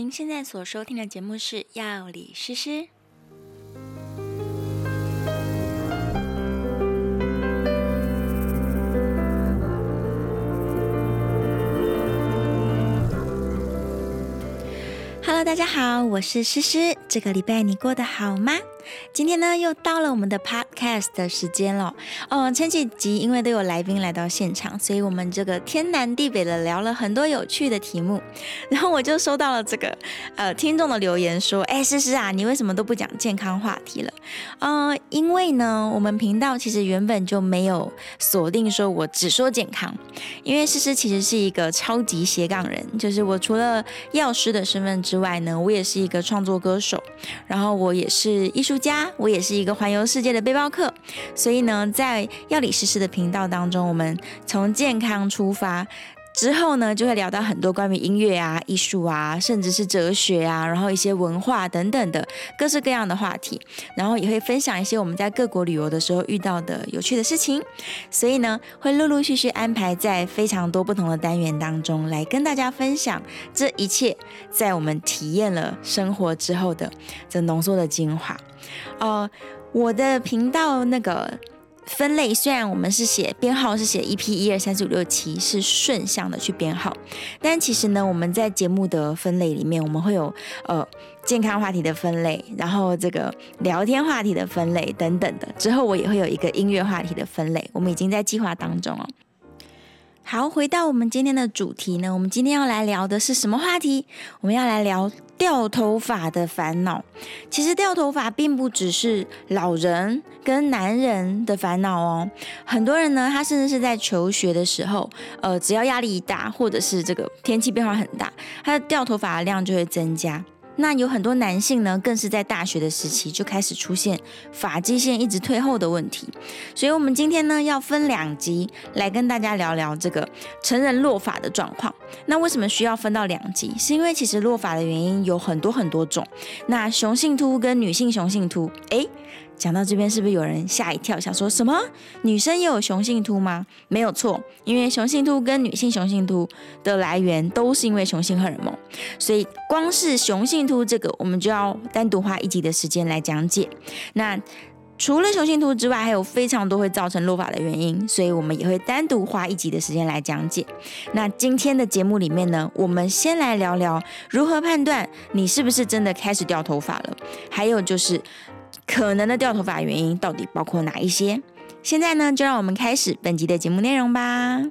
您現在所收聽的節目是《藥理詩詩》。Hello，大家好，我是詩詩。這個禮拜你過得好嗎？今天呢又到了我們的 podcast 的時間了。哦、呃，前幾集因為都有來賓來到現場，所以我們這個天南地北的聊了很多有趣的題目。然後我就收到了這個呃聽眾的留言說：“哎，詩詩啊，你為什麼都不講健康話題了？”呃，因為呢，我們頻道其實原本就沒有鎖定說我只說健康，因為詩詩其實是一個超級斜槓人，就是我除了藥師的身份之外呢，我也是一個創作歌手。然後我也是藝術家，我也是一個環遊世界的背包客，所以呢，在藥理詩詩的頻道當中，我們從健康出發。之後呢，就會聊到很多關於音樂啊、藝術啊，甚至是哲學啊，然後一些文化等等的各式各樣的話題，然後也會分享一些我們在各國旅游的時候遇到的有趣的事情。所以呢，會陸陸續續安排在非常多不同的單元當中來跟大家分享這一切，在我們體驗了生活之後的這濃縮的精華。哦、呃，我的頻道那個。分類，雖然我們是寫編號、是寫 EP 一二三四五六七，是順向的去編號，但其實呢，我們在節目的分類裡面，我們會有呃健康話題的分類，然後這個聊天話題的分類等等的。之後我也會有一個音樂話題的分類，我們已經在計劃當中了。好，回到我們今天的主題呢，我們今天要來聊的是什麼話題？我們要來聊掉頭髮的煩惱。其實掉頭髮並不只是老人跟男人的煩惱哦，很多人呢，他甚至是在求學的時候，呃，只要壓力一大，或者是這個天氣變化很大，他的掉頭髮的量就會增加。那有很多男性呢，更是在大學的時期就開始出現髮際線一直退後的問題，所以，我們今天呢要分兩集來跟大家聊聊這個成人落髮的狀況。那為什麼需要分到兩集？是因為其實落髮的原因有很多很多種，那雄性禿跟女性雄性禿，哎。講到這邊，是不是有人嚇一跳？想說什麼？女生也有雄性禿嗎？沒有錯，因為雄性禿跟女性雄性禿的來源都是因為雄性荷爾蒙，所以光是雄性禿這個，我們就要單獨花一集的時間來講解。那除了雄性禿之外，還有非常多會造成落髮的原因，所以我們也會單獨花一集的時間來講解。那今天的節目裡面呢，我們先來聊聊如何判斷你是不是真的開始掉頭髮了，還有就是……可能的掉頭髮原因到底包括哪一些？現在呢，就讓我們開始本集的節目內容吧。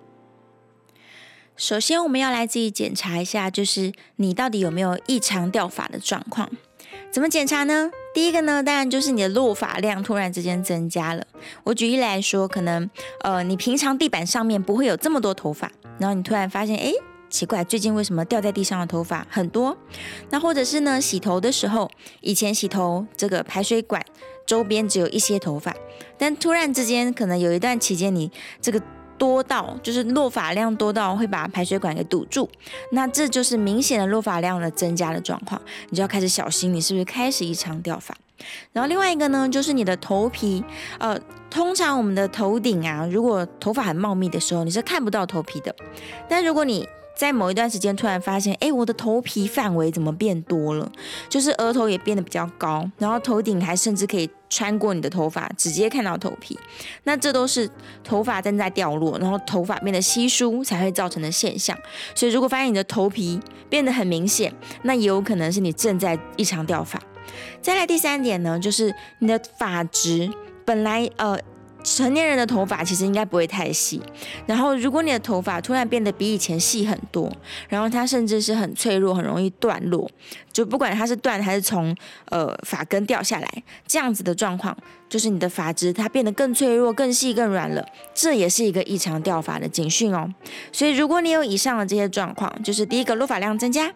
首先，我們要來自己檢查一下，就是你到底有沒有異常掉髮的狀況。怎麼檢查呢？第一個呢，當然就是你的落髮量突然之間增加了。我舉例來說，可能呃，你平常地板上面不會有這麼多頭髮，然後你突然發現，哎。奇怪，最近為什麼掉在地上的頭髮很多？那或者是呢？洗頭的時候，以前洗頭這個排水管周邊只有一些頭髮，但突然之間可能有一段期間你這個多到，就是落髮量多到會把排水管給堵住。那這就是明顯的落髮量的增加的狀況，你就要開始小心，你是不是開始異常掉髮？然後另外一個呢，就是你的頭皮，呃，通常我們的頭頂啊，如果頭髮很茂密的時候，你是看不到頭皮的，但如果你。在某一段時間突然發現，哎，我的頭皮範圍怎麼變多了？就是額頭也變得比較高，然後頭頂還甚至可以穿過你的頭髮，直接看到頭皮。那這都是頭髮正在掉落，然後頭髮變得稀疏才會造成的現象。所以，如果發現你的頭皮變得很明顯，那也有可能是你正在異常掉髮。再來第三點呢，就是你的髮質本來呃。成年人的頭髮其實應該不會太細，然後如果你的頭髮突然變得比以前細很多，然後它甚至是很脆弱，很容易斷落，就不管它是斷還是從呃髮根掉下來，這樣子的狀況，就是你的髮質它變得更脆弱、更細、更軟了，這也是一個異常掉髮的警訊哦。所以如果你有以上的這些狀況，就是第一個落髮量增加，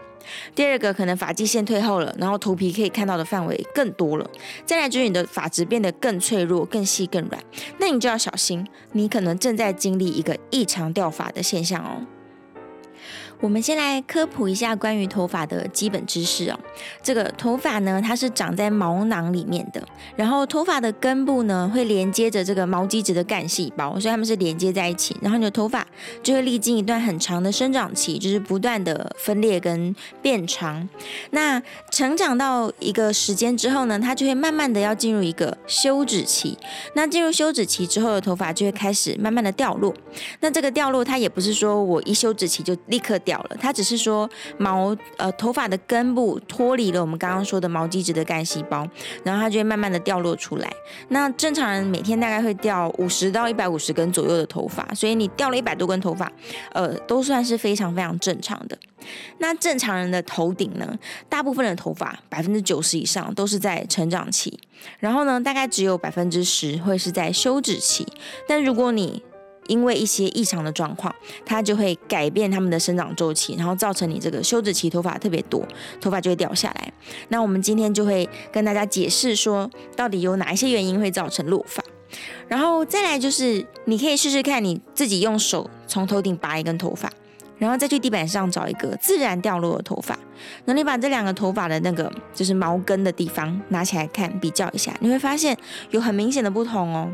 第二個可能髮際線退後了，然後頭皮可以看到的範圍更多了。再來就是你的髮質變得更脆弱、更細、更軟，那你就要小心，你可能正在經歷一個異常掉髮的現象哦。我們先來科普一下關於頭髮的基本知識哦。這個頭髮呢，它是長在毛囊裡面的，然後頭髮的根部呢，會連接着這個毛基質的幹細胞，所以它們是連接在一起。然後你的頭髮就會歷經一段很長的生長期，就是不斷的分裂跟變長。那成長到一個時間之後呢，它就會慢慢的要進入一個休止期。那進入休止期之後的頭髮就會開始慢慢的掉落。那這個掉落，它也不是說我一休止期就立刻掉。掉了，它只是說毛呃、頭髮的根部脫離了我們剛剛說的毛基質的幹細胞，然後它就會慢慢的掉落出來。那正常人每天大概會掉五十到一百五十根左右的頭髮，所以你掉了一百多根頭髮，呃，都算是非常非常正常的。那正常人的頭頂呢，大部分的頭髮百分之九十以上都是在成長期，然後呢，大概只有百分之十會是在休止期。但如果你因為一些異常的狀況，它就會改變它們的生長周期，然後造成你這個休止期頭髮特別多，頭髮就會掉下來。那我們今天就會跟大家解釋說，到底有哪一些原因會造成落髮。然後再來就是，你可以試試看你自己用手從頭頂拔一根頭髮。然後再去地板上找一個自然掉落的頭髮，那你把這兩個頭髮的那個就是毛根的地方拿起來看，比較一下，你會發現有很明顯的不同哦。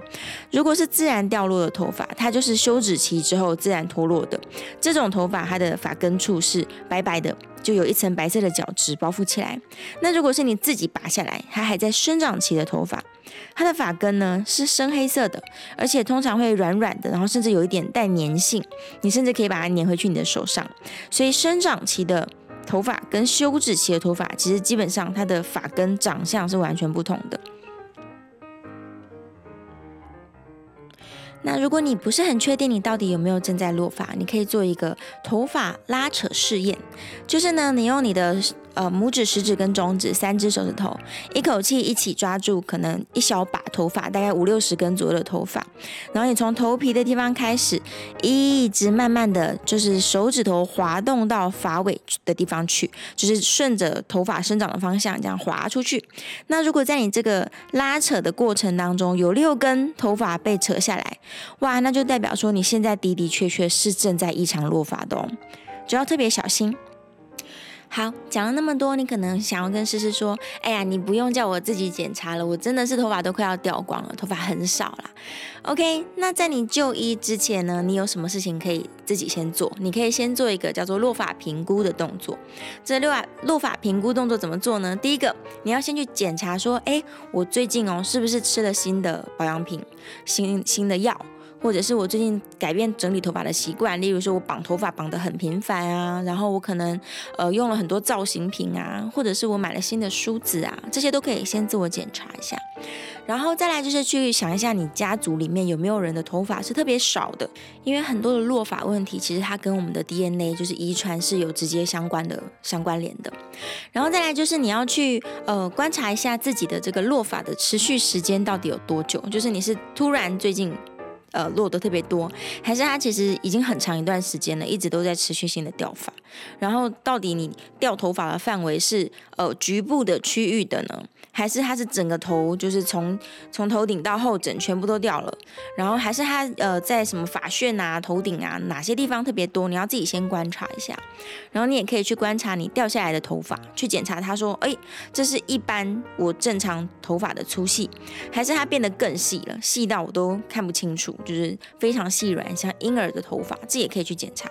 如果是自然掉落的頭髮，它就是休止期之後自然脫落的這種頭髮，它的髮根處是白白的，就有一層白色的角質包覆起來。那如果是你自己拔下來，它還在生長期的頭髮。它的髮根呢是深黑色的，而且通常會軟軟的，然後甚至有一點帶粘性，你甚至可以把它粘回去你的手上。所以生長期的頭髮跟休止期的頭髮，其實基本上它的髮根長相是完全不同的。那如果你不是很確定你到底有沒有正在落髮，你可以做一個頭髮拉扯試驗，就是呢，你用你的呃，拇指、食指跟中指三隻手指頭，一口氣一起抓住，可能一小把頭髮，大概五六十根左右的頭髮，然後你從頭皮的地方開始，一直慢慢的就是手指頭滑動到髮尾的地方去，就是順着頭髮生長的方向這樣滑出去。那如果在你這個拉扯的過程當中，有六根頭髮被扯下來，哇，那就代表說你現在的的確確是正在異常落髮的哦，只要特別小心。好，講了那麼多，你可能想要跟詩詩說：“哎呀，你不用叫我自己檢查了，我真的是頭髮都快要掉光了，頭髮很少啦。” OK，那在你就醫之前呢，你有什麼事情可以自己先做？你可以先做一個叫做落髮評估的動作。這落髮落髮評估動作怎麼做呢？第一個，你要先去檢查說：“哎，我最近哦是不是吃了新的保養品，新新的藥？”或者是我最近改變整理頭髮的習慣，例如說我綁頭髮綁得很頻繁啊，然後我可能呃用了很多造型品啊，或者是我買了新的梳子啊，這些都可以先自我檢查一下。然後再來就是去想一下你家族裡面有沒有人的頭髮是特別少的，因為很多的落髮問題其實它跟我們的 DNA 就是遺傳是有直接相關的，相關聯的。然後再來就是你要去呃觀察一下自己的這個落髮的持續時間到底有多久，就是你是突然最近。呃，落得特別多，還是他其實已經很長一段時間了，一直都在持續性的掉髮，然後到底你掉頭髮的範圍是？呃，局部的區域的呢，還是它是整個頭，就是從從頭頂到後枕全部都掉了，然後還是它呃在什麼髮旋啊、頭頂啊哪些地方特別多，你要自己先觀察一下，然後你也可以去觀察你掉下來的頭髮，去檢查它說，哎、欸，這是一般我正常頭髮的粗細，還是它變得更細了，細到我都看不清楚，就是非常細軟，像嬰兒的頭髮，這也可以去檢查。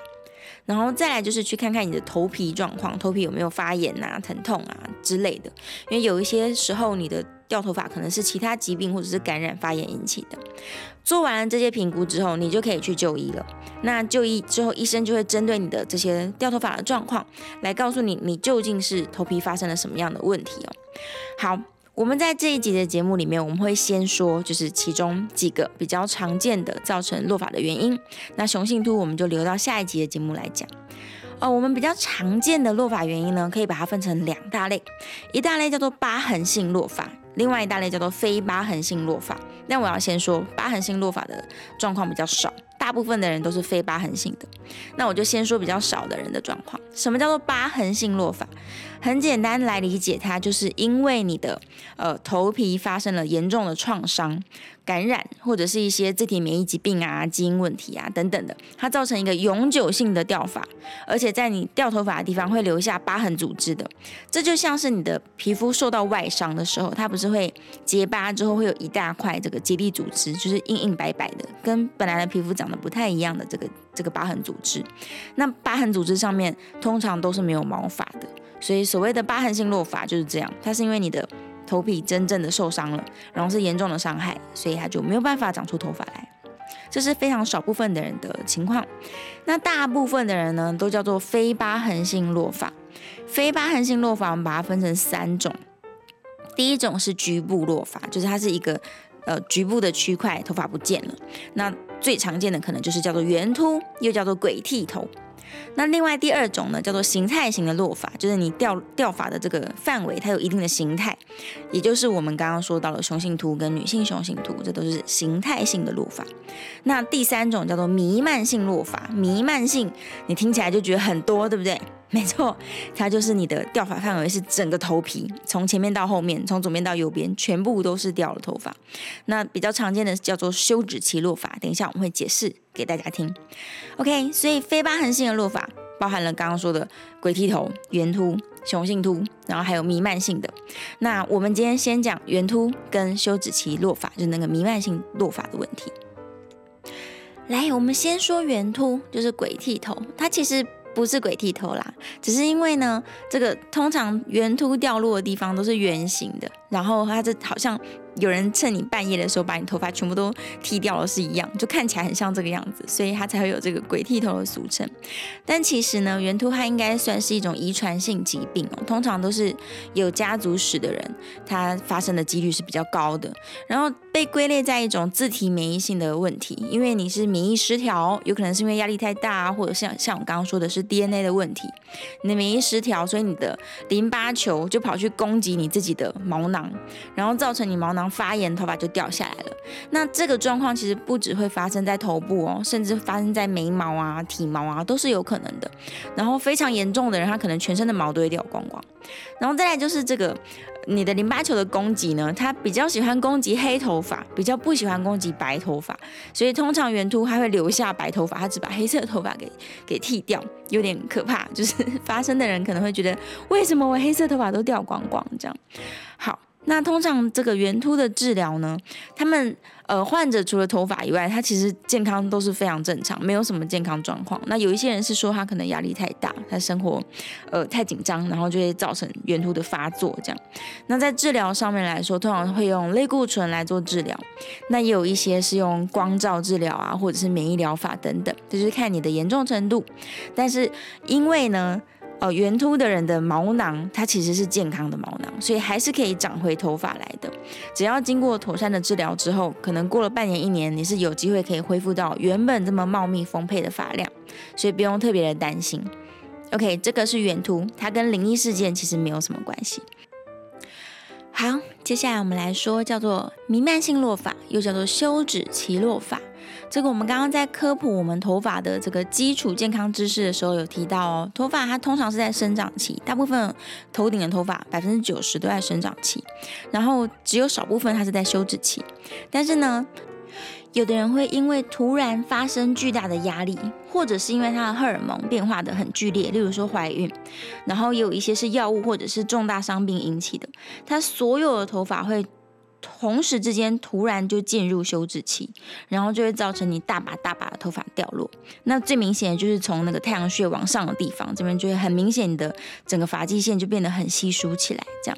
然後再來就是去看看你的頭皮狀況，頭皮有沒有發炎啊、疼痛啊之類的。因為有一些時候你的掉頭髮可能是其他疾病或者是感染發炎引起的。做完了這些評估之後，你就可以去就醫了。那就醫之後，醫生就會針對你的這些掉頭髮的狀況，來告訴你，你究竟是頭皮發生了什麼樣的問題哦。好。我們在這一集的節目裡面，我們會先說，就是其中幾個比較常見的造成落髮的原因。那雄性禿我們就留到下一集的節目來講。哦，我們比較常見的落髮原因呢，可以把它分成兩大類，一大類叫做疤痕性落髮，另外一大類叫做非疤痕性落髮。那我要先說疤痕性落髮的狀況比較少，大部分的人都是非疤痕性的。那我就先說比較少的人的狀況。什麼叫做疤痕性落髮？很簡單來理解它，就是因為你的呃頭皮發生了嚴重的創傷、感染，或者是一些自體免疫疾病啊、基因問題啊等等的，它造成一個永久性的掉髮，而且在你掉頭髮的地方會留下疤痕組織的。這就像是你的皮膚受到外傷的時候，它不是會結疤之後會有一大塊這個結締組織，就是硬硬白白的，跟本來的皮膚長得不太一樣的這個這個疤痕組織。那疤痕組織上面通常都是沒有毛髮的。所以所謂的疤痕性落髮就是這樣，它是因為你的頭皮真正的受傷了，然後是嚴重的傷害，所以它就沒有辦法長出頭髮來。這是非常少部分的人的情況。那大部分的人呢，都叫做非疤痕性落髮。非疤痕性落髮，我們把它分成三種。第一種是局部落髮，就是它是一個呃局部的區塊，頭髮不見了。那最常見的可能就是叫做圓禿，又叫做鬼剃頭。那另外第二種呢，叫做形態型的落髮，就是你掉掉髮的這個範圍，它有一定的形態，也就是我們剛剛說到了雄性禿跟女性雄性禿，這都是形態性的落髮。那第三種叫做彌漫性落髮，彌漫性你聽起來就覺得很多，對不對？沒錯，它就是你的掉髮範圍是整個頭皮，從前面到後面，從左邊到右邊，全部都是掉了頭髮。那比較常見的叫做休止期落髮，等一下我們會解釋給大家聽。OK，所以非疤痕性的落髮包含了剛剛說的鬼剃頭、圓禿、雄性禿，然後還有彌漫性的。那我們今天先講圓禿跟休止期落髮，就是那個彌漫性落髮的問題。來，我們先說圓禿，就是鬼剃頭，它其實。不是鬼剃頭啦，只是因為呢，這個通常圓禿掉落的地方都是圓形的，然後它這好像有人趁你半夜的時候把你頭髮全部都剃掉了，是一樣，就看起來很像這個樣子，所以它才會有這個“鬼剃頭”的俗稱。但其實呢，圓禿髮應該算是一種遺傳性疾病，哦，通常都是有家族史的人，它發生的幾率是比較高的。然後被歸類在一種自體免疫性的問題，因為你是免疫失調，有可能是因為壓力太大，啊，或者像像我剛剛說的是 DNA 的問題，你的免疫失調，所以你的淋巴球就跑去攻擊你自己的毛囊，然後造成你毛囊。發炎，頭髮就掉下來了。那這個狀況其實不只會發生在頭部哦，甚至發生在眉毛啊、體毛啊，都是有可能的。然後非常嚴重的人，他可能全身的毛都會掉光光。然後再來就是這個，你的淋巴球的攻擊呢，他比較喜歡攻擊黑頭髮，比較不喜歡攻擊白頭髮。所以通常圓禿他會留下白頭髮，他只把黑色的頭髮給給剃掉，有點可怕。就是發生的人可能會覺得，為什麼我黑色的頭髮都掉光光這樣？好。那通常這個圓禿的治療呢，他們呃患者除了頭髮以外，他其實健康都是非常正常，沒有什麼健康狀況。那有一些人是說他可能壓力太大，他生活呃太緊張，然後就會造成圓禿的發作這樣。那在治療上面來說，通常會用類固醇來做治療，那也有一些是用光照治療啊，或者是免疫療法等等，這就是看你的嚴重程度。但是因為呢。哦，圓禿的人的毛囊，它其實是健康的毛囊，所以還是可以長回頭髮來的。只要經過妥善的治療之後，可能過了半年、一年，你是有機會可以恢復到原本這麼茂密豐沛的髮量，所以不用特別的擔心。OK，這個是圓禿，它跟靈異事件其實沒有什麼關係。好，接下來我們來說叫做瀰漫性落髮，又叫做休止期落髮。這個我們剛剛在科普我們頭髮的這個基礎健康知識的時候有提到哦，頭髮它通常是在生長期，大部分頭頂的頭髮百分之九十都在生長期，然後只有少部分它是在休止期。但是呢，有的人會因為突然發生巨大的壓力，或者是因為他的荷爾蒙變化得很劇烈，例如說懷孕，然後有一些是藥物或者是重大傷病引起的，他所有的頭髮會。同時之間突然就進入休止期，然後就會造成你大把大把的頭髮掉落。那最明顯的就是從那個太陽穴往上的地方，這邊就會很明顯的整個髮際線就變得很稀疏起來。這樣，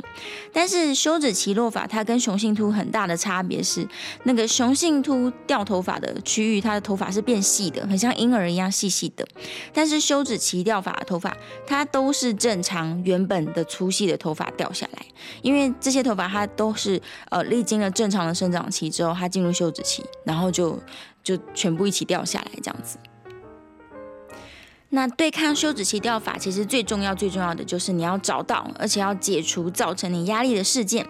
但是休止期落髮它跟雄性禿很大的差別是，那個雄性禿掉頭髮的區域，它的頭髮是變細的，很像嬰兒一樣細細的。但是休止期掉髮的頭髮它都是正常原本的粗細的頭髮掉下來，因為這些頭髮它都是呃立。經了正常的生長期之後，它進入休止期，然後就就全部一起掉下來這樣子。那對抗休止期掉髮，其實最重要最重要的就是你要找到，而且要解除造成你壓力的事件。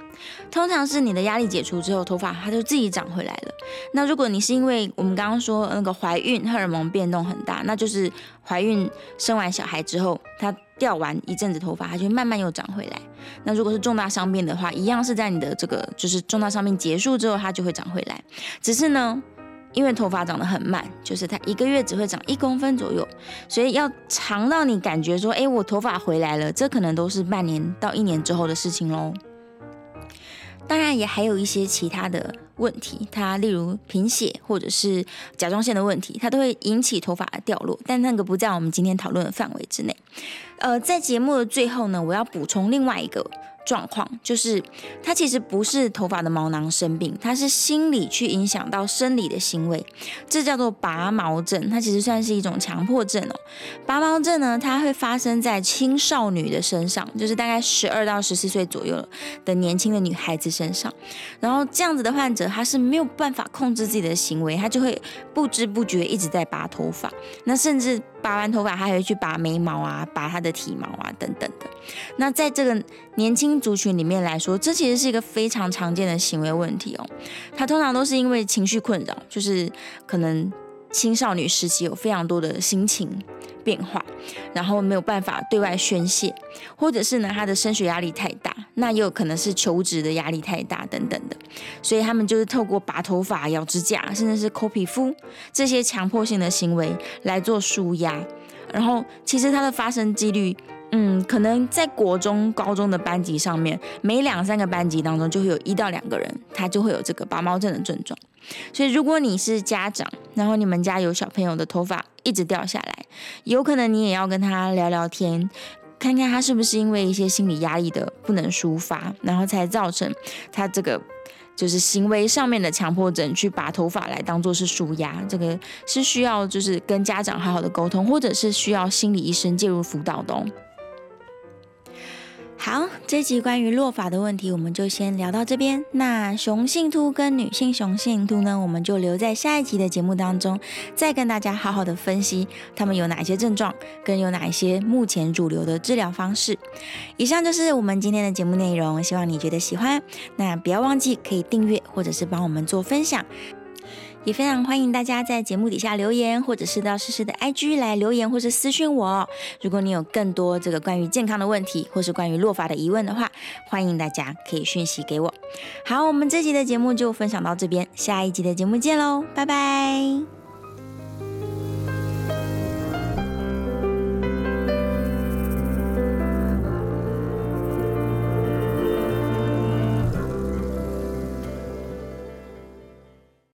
通常是你的壓力解除之後，頭髮它就自己長回來了。那如果你是因為我們剛剛說那個懷孕，荷爾蒙變動很大，那就是懷孕生完小孩之後，它。.掉完一陣子頭髮，它就會慢慢又長回來。那如果是重大傷病的話，一樣是在你的這個就是重大傷病結束之後，它就會長回來。只是呢，因為頭髮長得很慢，就是它一個月只會長一公分左右，所以要長到你感覺說，誒，我頭髮回來了，這可能都是半年到一年之後的事情嘍。當然，也還有一些其他的。問題，它例如貧血或者是甲狀腺的問題，它都會引起頭髮掉落，但那個不在我們今天討論的範圍之內。呃，在節目的最後呢，我要補充另外一個。狀況就是，它其實不是頭髮的毛囊生病，它是心理去影響到生理的行為，這叫做拔毛症。它其實算是一種強迫症哦。拔毛症呢，它會發生在青少女的身上，就是大概十二到十四歲左右的年輕的女孩子身上。然後這樣子的患者，她是沒有辦法控制自己的行為，她就會不知不覺一直在拔頭髮，那甚至。拔完頭髮，他還會去拔眉毛啊，拔他的體毛啊，等等的。那在這個年輕族群裡面來說，這其實是一個非常常見的行為問題哦。他通常都是因為情緒困擾，就是可能。青少女時期有非常多的心情變化，然後沒有辦法對外宣洩，或者是呢他的升學壓力太大，那也有可能是求職的壓力太大等等的，所以他們就是透過拔頭髮、咬指甲，甚至是摳皮膚這些強迫性的行為來做紓壓，然後其實它的發生幾率。嗯，可能在國中、高中的班級上面，每兩三個班級當中就會有一到兩個人，他就會有這個拔毛症的症狀。所以，如果你是家長，然後你們家有小朋友的頭髮一直掉下來，有可能你也要跟他聊聊天，看看他是不是因為一些心理壓力的不能抒發，然後才造成他這個就是行為上面的強迫症，去拔頭髮來當做是抒壓。這個是需要就是跟家長好好的溝通，或者是需要心理醫生介入輔導的哦。好，這集關於落髮的問題，我們就先聊到這邊。那雄性禿跟女性雄性禿呢，我們就留在下一集的節目當中，再跟大家好好的分析他們有哪些症狀，跟有哪一些目前主流的治療方式。以上就是我們今天的節目內容，希望你覺得喜歡。那不要忘記可以訂閱或者是幫我們做分享。也非常歡迎大家在節目底下留言，或者是到詩詩的 IG 來留言，或是私訊我。如果你有更多這個關於健康的問題，或是關於落髮的疑問的話，歡迎大家可以訊息給我。好，我們這集的節目就分享到這邊，下一集的節目見嘍，拜拜。